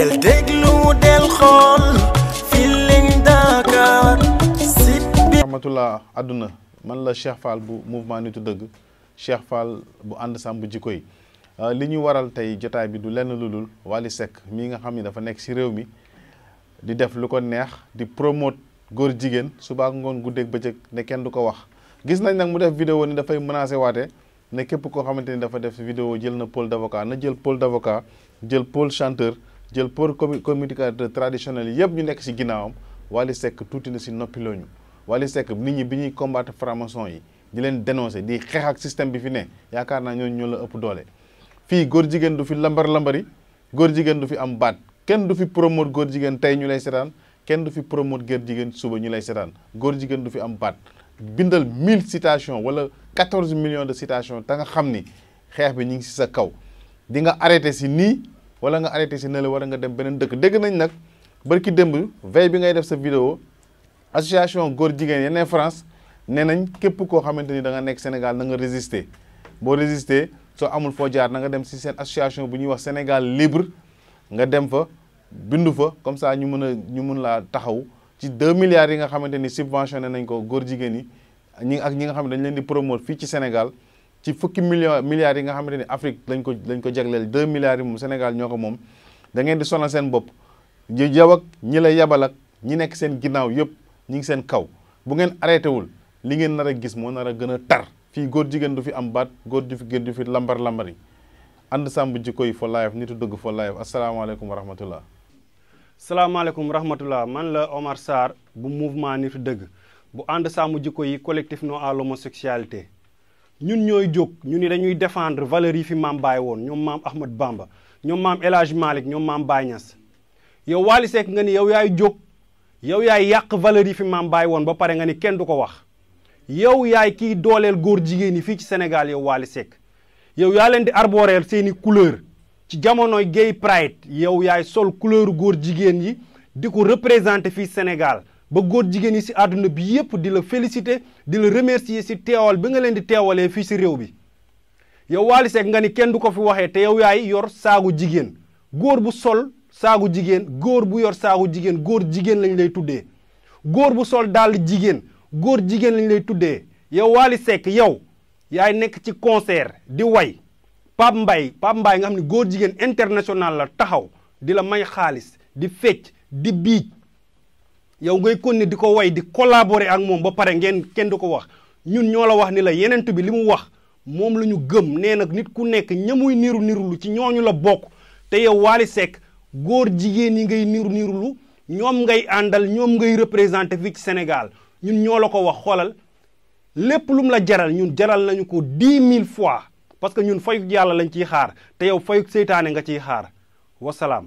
del déglu del xool Feeling Dakar site bi rahmatullah àdduna man la Cheikh Fall bu mouvement nitu dëgg Cheikh Fall bu ànd sàmm jikko yi ah, li ñu waral tey jotaay bi du lenn lu dul Wally Seck mii nga xam ni dafa nekk ci réew mi di def lu ko neex di promote góor jigéen suba ak ngoon guddeeg bëccëg ne kenn du ko wax gis nañ nag mu def vidéo ni dafay menacé waate ne képp koo xamante ni dafa def vidéo jël na pôle d'avocat na jël pole d'avocat jël pôle chanteur jël pour communicateur traditionnel yëpp ñu nekk si ginnaawam Wally Seck tuuti na si noppiloo ñu Wally Seck nit ñi bi ñuy combattre franc yi di leen dénoncer di xeex ak système bi fi ne yaakaar naa ñoo ñoo la ëpp doole. fii góor jigéen du fi lambar lambari góor jigéen du fi am baat kenn du fi promote góor jigéen tey ñu lay seetaan kenn du fi promote góor jigéen suba ñu lay seetaan góor jigéen du fi am baat bindal 1000 citations wala 14 millions de citations te nga xam ni xeex bi ñu ngi si sa kaw wala nga arrêté si ne la war nga dem beneen dëkk dégg nañ nag barki démb veille bi ngay def sa vidéo association góor jigéen yeneen France nee nañ képp koo xamante ni da nga nekk Sénégal na nga résister boo résister soo amul foo jaar na nga dem si seen association bu ñuy wax Sénégal libre nga dem fa bindu fa comme ça ñu mën a ñu mun laa taxaw ci deux milliards yi nga xamante ni subventionné nañ ko góor jigéen yi ñi ak ñi nga xam ne dañu leen di promouvoir fii ci Sénégal ci fukki million milliards yi nga xamante ni Afrique lañ ko lañ ko jagleel deux milliards yi moom Sénégal ñoo ko moom da ngeen di sonal seen bopp ji yow ak ñi la yabal ak ñi nekk seen ginnaaw yëpp ñi ngi seen kaw bu ngeen arrêté wul li ngeen nar a gis moo nar a gën a tar fii góor jigéen du fi am baat góor du fi gën du fi lambar lambar yi ànd sàmm jikko yi for life nitu dëgg for life asalaamaaleykum wa rahmatullah salaamaaleykum wa rahmatullah man la Omar Sarr bu mouvement nitu dëgg bu ànd sàmm jikko yi collectif non à l'homosexualité ñun ñooy jóg ñu ni dañuy defendre valeur yi fi maam bàyyi woon ñoom maam Ahmad Bamba ñoom maam El Hadj ñoom maam Baye Niass yow Wally Seck nga ni yow yaay jóg yow yaay yàq valeurs yi fi maam bàyyi woon ba pare nga ni kenn du ko wax yow yaay kiy dooleel góor jigéen yi fii ci Sénégal yow Wally Seck yow yaa leen di arboreel seeni couleur ci jamonoy gay pride yow yaay sol couleur góor jigéen yi di ko représenté fii Sénégal ba góor jigéen yi si àdduna bi yépp di la féliciter di la remercier si teewal bi nga leen di teewalee fii si réew bi yow Wally Seck nga ni kenn du ko fi waxee te yow yaay yor saagu jigéen góor bu sol saagu jigéen góor bu yor saagu jigéen góor jigéen lañ lay tuddee góor bu sol dàll jigéen góor jigéen lañ lay tuddee yow Wally Seck yow yaay nekk ci concert di way Pape Mbaye Pape Mbaye nga xam ne góor jigéen international la taxaw di la may xaalis di fecc di biij yow ngay kon konne di ko way di collaborer ak moom ba pare ngeen kenn du ko wax ñun ñoo la wax ni la yenent bi li mu wax moom la ñu gëm nee nag nit ku nekk ñamuy niru niru nirulu ci ñooñu la bokk te yow Wally góor jigéen yi ngay niru lu ñoom ngay àndal ñoom ngay représenté fii ci Sénégal ñun ñoo la ko wax xoolal lépp lum la jaral ñun jaral nañu ko dix mille fois parce que ñun fayuk yàlla lañ ciy xaar te yow fayuk seytaane nga ciy xaar wasalaam